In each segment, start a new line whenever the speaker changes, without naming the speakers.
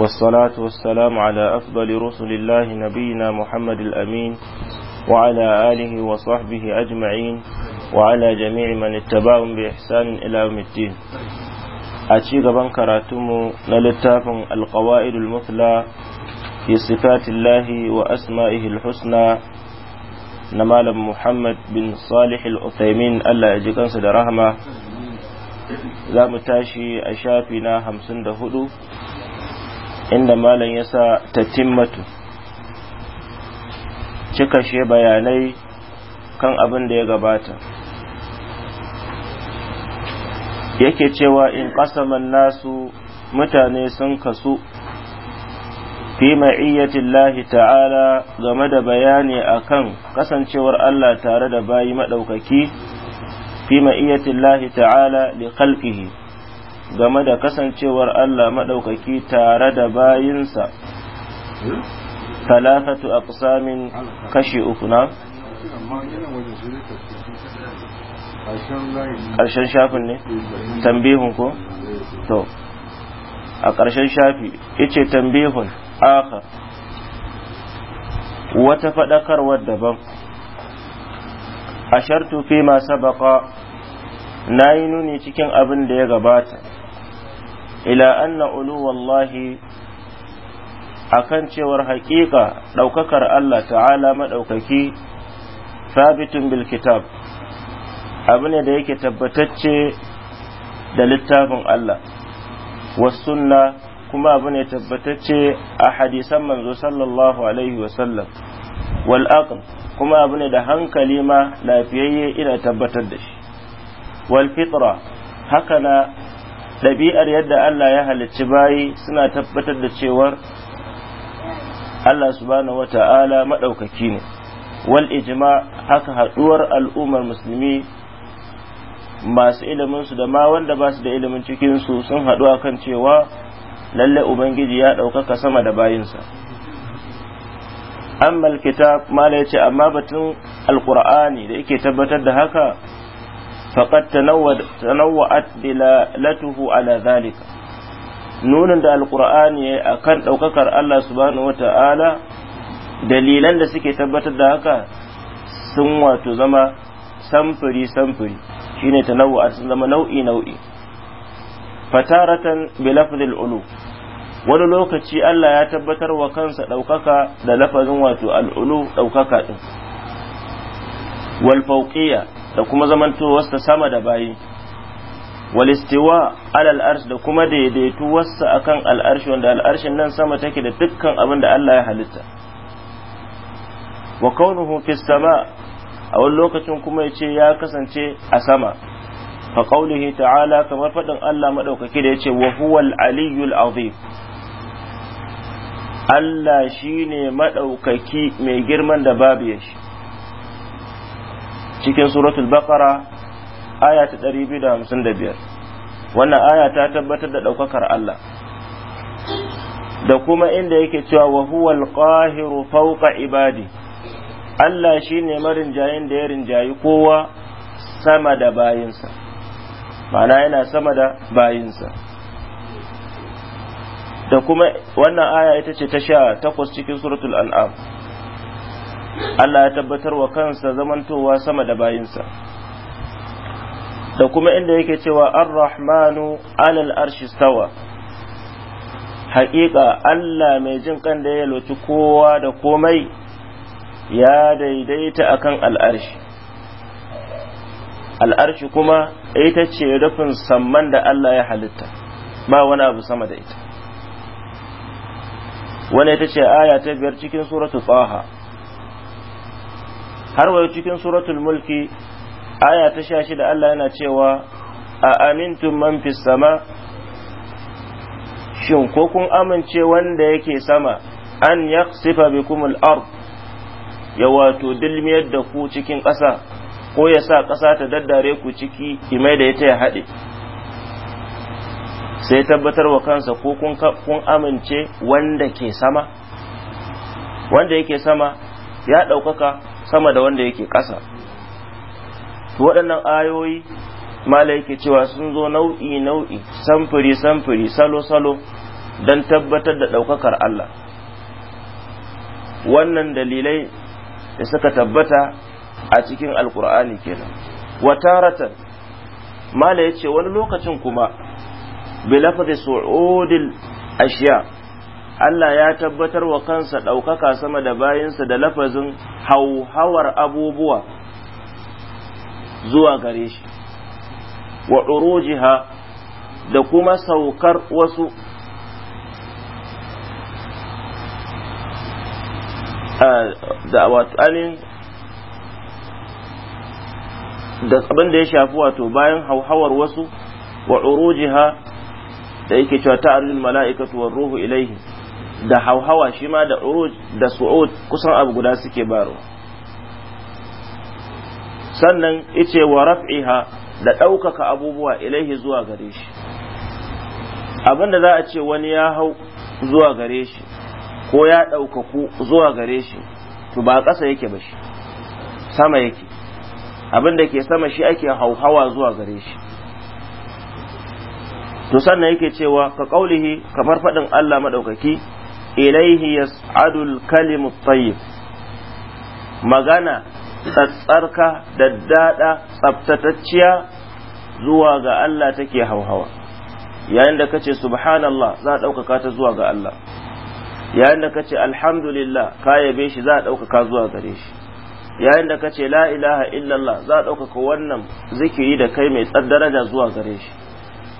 والصلاة والسلام على أفضل رسل الله نبينا محمد الأمين وعلى آله وصحبه أجمعين وعلى جميع من اتبعهم بإحسان إلى يوم الدين أتي غبان كراتم نلتاف القوائد المثلى في صفات الله وأسمائه الحسنى نمال محمد بن صالح الأثيمين ألا يجيكن صدر رحمة za mu tashi a shafi na hamsin da hudu inda malam ya sa tatimmatu cika she bayanai kan abin da ya gabata yake cewa in kasaman nasu mutane sun kasu fi ma'iyyatin lahi ta'ala game da bayani akan kasancewar Allah tare da bayi maɗaukaki fi ma'iyyatin lahi ta'ala li khalqihi game da kasancewar Allah maɗaukaki tare da bayinsa a aqsamin kashi uku na ƙarshen shafin ne tambihun ko to a ƙarshen shafi ice tambihun A'ka. wata faɗakarwar daban ashartu fi ma sabaka na yi nuni cikin abin da ya gabata ila anna A akan cewar haƙiƙa ɗaukakar Allah ta'ala maɗaukaki sabitun bil kitab abu ne da yake tabbatacce da littafin Allah sunna kuma abu ne tabbatacce a hadisan manzo sallallahu alaihi wasallam wal aql kuma abu ne da hankali ma lafiyayye ina tabbatar da shi wal fitra haka na ɗabi'ar yadda Allah ya halicci bayi suna tabbatar da cewar Allah subhanahu wata'ala maɗaukaki ne wal ijma haka haɗuwar al'ummar musulmi masu iliminsu da ma wanda ba su da ilimin cikinsu sun haɗu akan cewa lalle ubangiji ya ɗaukaka sama da bayinsa amma kitab ma yace amma batun alƙur'ani da yake tabbatar da haka faqad tanawwa'at dilalatuhu ala zalika nunin da alqur'ani yayi akan daukakar Allah subhanahu wata'ala dalilan da suke tabbatar da haka sun wato zama samfuri samfuri shine tanawwa'at sun zama nau'i nau'i fataratan bi lafzil ulu wani lokaci Allah ya tabbatar wa kansa ɗaukaka da lafazin wato al'ulu ɗaukaka ɗin. Walfauƙiya da kuma zamantowarsa sama da bayi walistiwa alal arsh da kuma daidaitu wasa akan al'arshi wanda al'arshin nan sama take da dukkan abin da Allah ya halitta wa kaunuhu fi sama a wani lokacin kuma yace ya kasance a sama fa qawlihi ta'ala kamar faɗin Allah madaukaki da yace wa huwal aliyyul azim Allah shine madaukaki mai girman da babu ya cikin suratul baqara aya ta 255 wannan aya ta tabbatar da daukakar Allah da kuma inda yake cewa wa huwal qahiru fawqa ibadi Allah shine marin jayin da ya rinjayi kowa sama da bayinsa ma'ana yana sama da bayinsa da kuma wannan aya ita ce ta sha takwas cikin suratul an'am Allah ya tabbatar wa kansa zamantowa sama da bayinsa da kuma inda yake cewa ar-rahmanu alal arshi stawa haƙiƙa Allah mai jin kan da ya loci kowa da komai ya daidaita akan al'arshi al'arshi kuma ita ce rufin samman da Allah ya halitta ba wani abu sama da ita wani ita ce aya ta biyar cikin suratu tsaha har wayo cikin suratul mulki aya ta sha shida Allah yana cewa a amintum man fis sama shin ko kun amince wanda yake sama an yaqsifa bikum al-ard ya wato dilmiyar da ku cikin ƙasa ko ya sa ƙasa ta daddare ku ciki imai da ita ya haɗe sai tabbatar wa kansa ko kun amince wanda ke sama wanda yake sama ya ɗaukaka sama da wanda yake ƙasa waɗannan ayoyi mala yake cewa sun zo nau'i nau'i samfuri samfuri salo salo don tabbatar da ɗaukakar Allah wannan dalilai da suka tabbata a cikin alkur'ani kenan wataratan mala ya ce wani lokacin kuma bilafazi su'udil ashiya Allah ya tabbatar wa kansa ɗaukaka sama da bayansa da lafazin hauhawar abubuwa zuwa gare shi wa urujiha da kuma saukar wasu da watanin da abin da ya shafi wato bayan hauhawar wasu wa urujiha da yake cewa ta'arjul mala'ikatu war ruhu ilaihi da hauhawa shi ma da uruj da su'ud kusan abu guda suke baro sannan ice wa raf'iha da ɗaukaka abubuwa ilaihi zuwa gare shi abinda za a ce wani ya hau zuwa gare shi ko ya ɗaukaku zuwa gare shi to ba ƙasa yake ba shi sama yake abinda ke sama shi ake hauhawa zuwa gare shi to sannan yake cewa ka ƙaulihi kamar faɗin Allah maɗaukaki ilaihi yas'adul kalimut tayyib magana tsatsarka daddada tsaftatacciya zuwa ga Allah take hauhawa yayin da kace subhanallah za a ɗaukaka ta zuwa ga Allah yayin da kace alhamdulillah ka yabe shi za a ɗaukaka zuwa gare shi yayin da kace la ilaha illallah za a ɗaukaka wannan zikiri da kai mai tsar zuwa gare shi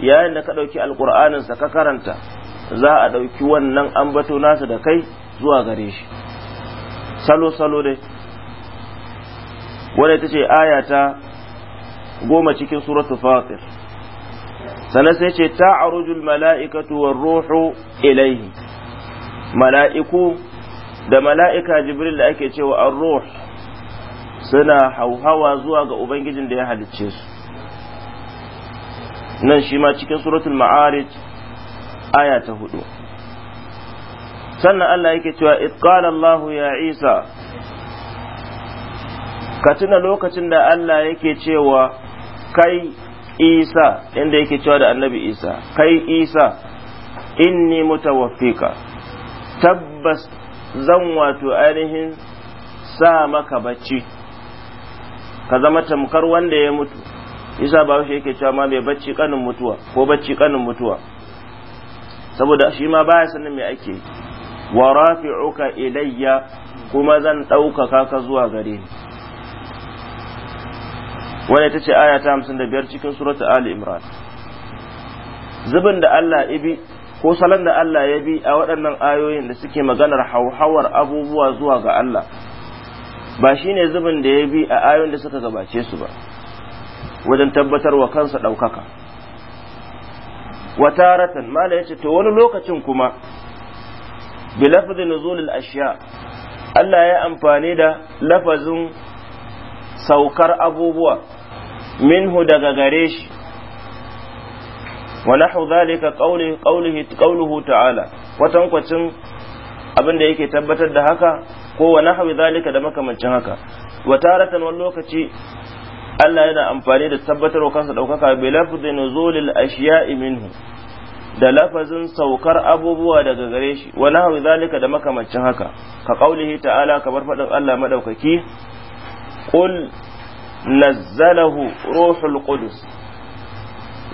yayin da ka ɗauki alƙur'aninsa ka karanta za a ɗauki wannan ambato nasa da kai zuwa gare shi salo-salo dai wadda ta ce aya goma cikin suratul fatir sannan sai ce ta arujul mala'ikatu war ruhu ilaihi mala'iku da mala'ika jibril da ake cewa an ruh suna hauhawa zuwa ga ubangijin da ya halicce su nan shi ma cikin suratul ma'arij aya ta hudu sannan Allah yake cewa qala ya Isa ka tuna lokacin da Allah yake cewa kai Isa inda yake cewa da Annabi Isa kai Isa inni mutawaffika tabbas zan wato ainihin sa maka bacci ka zama tamkar wanda ya mutu isa ba shi yake cewa ma mai bacci kanin mutuwa ko bacci kanin mutuwa saboda shi ma baya sanin me ake wa rafi'uka ilayya kuma zan ɗaukaka ka zuwa gare ni wanda ta ce aya ta hamsin da biyar cikin suratu ali imran zubin da allah ibi ko salon da allah ya bi a waɗannan ayoyin da suke maganar hauhawar abubuwa zuwa ga allah ba shine zubin da ya bi a ayoyin da suka gabace su ba wajen tabbatar wa kansa ɗaukaka wa taratan mala yace to wani lokacin kuma bi lafzi nuzulil ashiya? Allah ya amfani da lafazin saukar abubuwa minhu daga gare shi wa nahu zalika qawlihi qawluhu ta'ala watankwacin abin da yake tabbatar da haka ko wa nahu zalika da makamancin haka wa taratan wani lokaci Allah yana amfani da tabbatar tabbatarwa kansa ɗaukaka bi lafzi nuzulil ashiya'i minhu da lafazin saukar abubuwa daga gare shi wa nahwi zalika da makamancin haka ka qaulihi ta'ala kamar faɗin Allah madaukaki qul nazzalahu ruhul qudus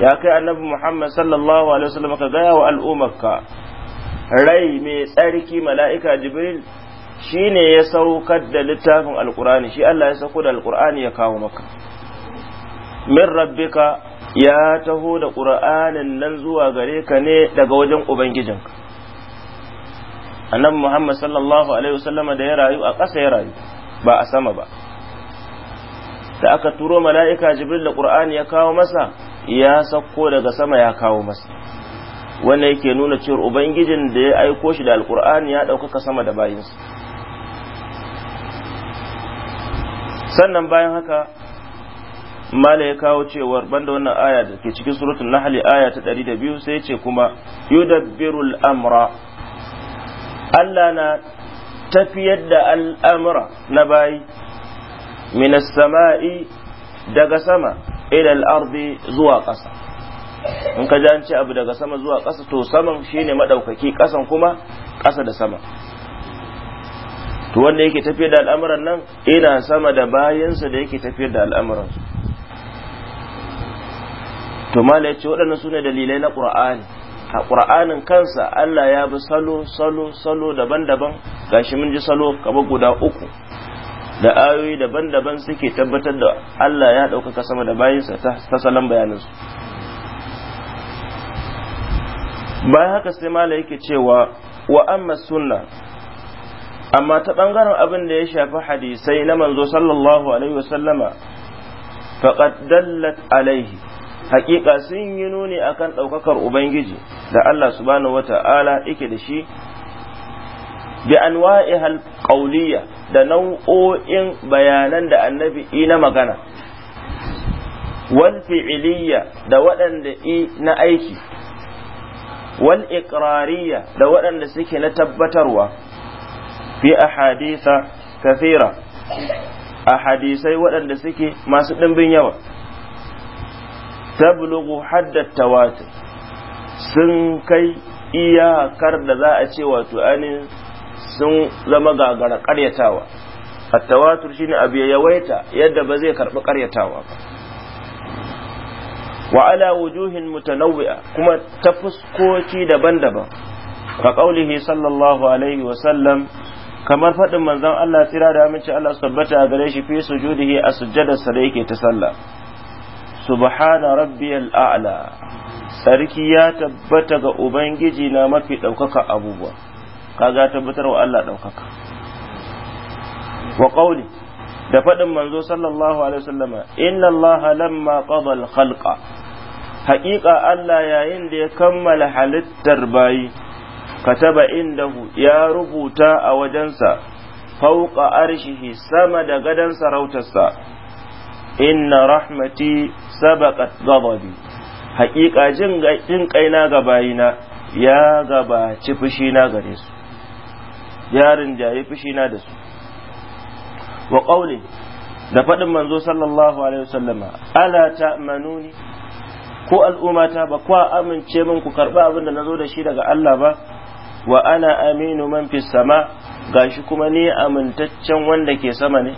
ya kai annabi Muhammad sallallahu alaihi wasallam ka gaya wa ka rai mai tsarki mala'ika jibril shine ya saukar da littafin alqur'ani shi Allah ya sauko da alqur'ani ya kawo maka min rabbika ya taho da ƙura'anin nan zuwa gare ka ne daga wajen ubangijin annabi muhammad sallallahu alaihi wasallama da ya rayu a ƙasa ya rayu ba a sama ba da aka turo mala'ika jibril da qur'ani ya kawo masa ya sauko daga sama ya kawo masa wannan yake nuna cewar ubangijin da ya aiko shi da alƙur'ani ya ɗaukaka sama da bayinsa sannan bayan haka mala ya kawo cewar banda wannan aya da ke cikin suratul nahli aya ta 102 sai ce kuma yudabbirul amra Allah na tafiyar da al'amura na bayi minas sama'i daga sama ilal ardi zuwa ƙasa in ka ji an ce abu daga sama zuwa ƙasa to saman shine madaukaki ƙasan kuma ƙasa da sama to wanda yake tafiyar da al'amuran nan ina sama da bayansa da yake tafiyar da al'amuransu to mala yace waɗannan sune dalilai na qur'ani a qur'anin kansa Allah ya bi salo salo salo daban-daban gashi mun ji salo kamar guda uku da ayoyi daban-daban suke tabbatar da Allah ya ɗaukaka sama da bayinsa ta salon su bayan haka sai mala yake cewa wa amma sunna amma ta ɓangaren abin da ya shafi hadisai na manzo sallallahu alaihi wasallama faqad dallat alaihi hakika sun yi nuni akan ɗaukakar ubangiji da Allah subhanahu wata'ala yake da shi bi anwa'ihal qawliya da nau'o'in bayanan da annabi na magana wal da waɗanda i na aiki wal iqrariya da waɗanda suke na tabbatarwa fi ahaditha kathira ahadisai waɗanda suke masu ɗimbin yawa tablughu hadda tawatur sun kai iyakar da za a ce wato anin sun zama gagara karyatawa tawatur shine abu ya yawaita yadda ba zai karɓi ƙaryatawa ba wa ala wujuhin mutanawwi'a kuma ta fuskoki daban-daban ka qaulihi sallallahu alaihi wa sallam kamar faɗin manzon Allah tsira da aminci Allah tabbata a gare shi fi sujudihi a sujjadarsa da yake ta sallah subhana rabbi a'la sarki ya tabbata ga ubangiji na mafi ɗaukaka abubuwa kaga tabbatar wa Allah ɗaukaka wa qawli da faɗin manzo sallallahu alaihi wasallama inna Allah lamma qada al khalqa haƙiƙa Allah yayin da ya kammala halittar bayi kataba indahu ya rubuta a wajensa fauka arshihi sama da gadon sarautarsa inna rahmati sabaqat ghadabi haƙiƙa jin kaina ga bayina ya gabaci na gare su ya fushi na da su wa qawli da faɗin manzo sallallahu alaihi wasallama ala ta'manuni ko al'ummata ba kwa amince min ku karɓa abin da nazo da shi daga Allah ba wa ana aminu man fis sama gashi kuma ni amintaccen wanda ke sama ne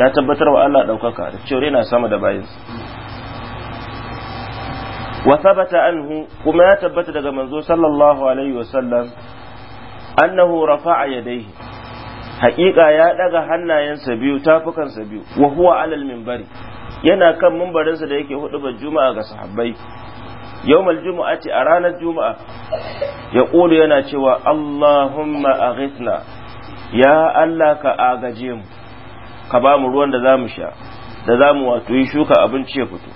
ya tabbatar wa Allah ɗaukaka da cewa yana sama da bayansa. wa thabata anhu kuma ya tabbata daga manzo sallallahu alaihi wa sallam annahu rafa'a yadayhi haƙiƙa ya daga hannayensa biyu tafukansa biyu wa huwa alal minbari yana kan mimbarinsa da yake hudubar juma'a ga sahabbai yawmal juma'ati a ranar juma'a ya yana cewa allahumma aghithna ya allah ka agaje mu ka ba mu ruwan da za mu sha da za mu wato yi shuka abinci ya fito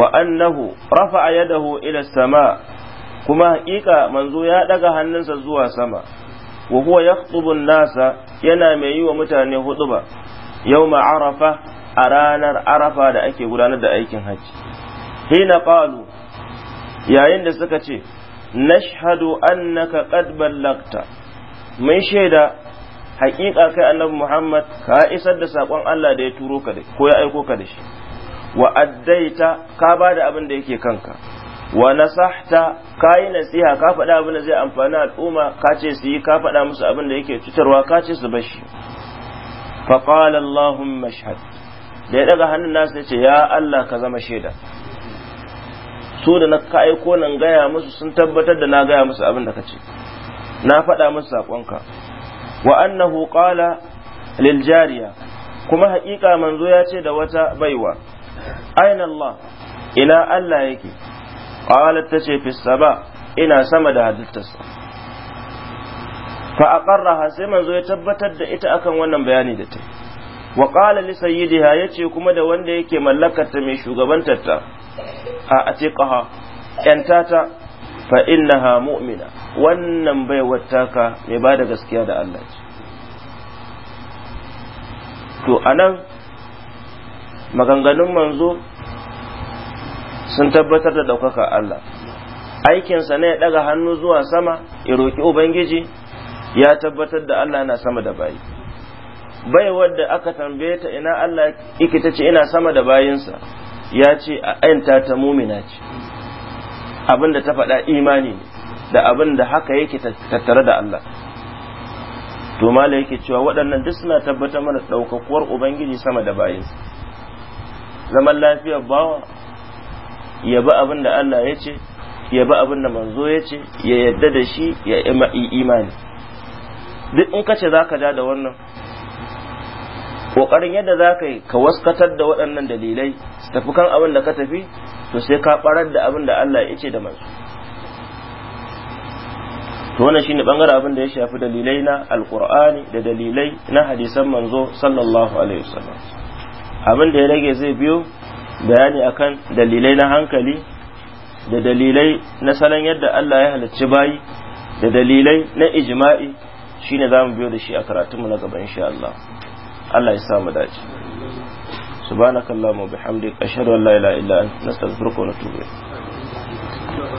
wa annahu rafa'a yadahu ila sama kuma haƙiƙa manzo ya ɗaga hannunsa zuwa sama wa huwa nasa yana mai yi wa mutane huduba Yau arafa a ranar arafa da ake gudanar da aikin hajji hina qalu yayin da suka ce nashhadu annaka qad ballagta mun shaida haƙiƙa kai annabi Muhammad ka isar da saƙon Allah da ya turo ka da ko ya aiko ka da shi wa addaita ka ba da abin da yake kanka wa nasahta ka yi nasiha ka faɗa abin da zai amfani al'umma ka ce su yi ka faɗa musu abin da yake cutarwa ka ce su bashi fa qala allahumma da ya daga hannun nasa ya ce ya Allah ka zama shaida su da na ka aiko nan gaya musu sun tabbatar da na gaya musu abin da ka ce na faɗa musu saƙonka wa annahu qala lil jariya kuma haƙiƙa manzo ya ce da wata baiwa aina Allah ina Allah yake qalat tace fi saba ina sama da halittarsa fa aqarraha sai manzo ya tabbatar da ita akan wannan bayani da ta wa qala li sayyidiha yace kuma da wanda yake mallakar ta mai shugabantar ta a atiqaha yantata fa innaha mu'mina wannan bai taka mai ba da gaskiya da Allah ce to anan maganganun manzo sun tabbatar da ɗaukaka Allah aikinsa ne ya ɗaga hannu zuwa sama ya roƙi ubangiji ya tabbatar da Allah na sama da bayi bai wadda aka tambaye ta ina Allah ike ta ce ina sama da bayinsa ya ce a ta mumina ce abin da ta faɗa imani da abin da haka yake tattare da Allah to mala yake cewa waɗannan duk suna tabbatar mana ɗaukakuwar ubangiji sama da bayinsa zaman lafiyar bawa ya bi abin da Allah ya ce ya bi abin da manzo ya ce ya yadda da shi ya imani duk in kace za ka ja da wannan ƙoƙarin yadda za ka yi ka waskatar da waɗannan dalilai su tafi kan abin da ka tafi to sai ka barar da abin da Allah ya ce da manzo to wannan shine bangaren abin da ya shafi dalilai na alqur'ani da dalilai na hadisan manzo sallallahu alaihi wasallam abin da ya rage zai biyo bayani akan dalilai na hankali da dalilai na salon yadda Allah ya halarci bayi da dalilai na ijma'i shine zamu biyo da shi a karatunmu na gaba insha Allah Allah ya sa mu dace subhanakallahumma bihamdika ashhadu an la ilaha illa anta nastaghfiruka wa na ilayk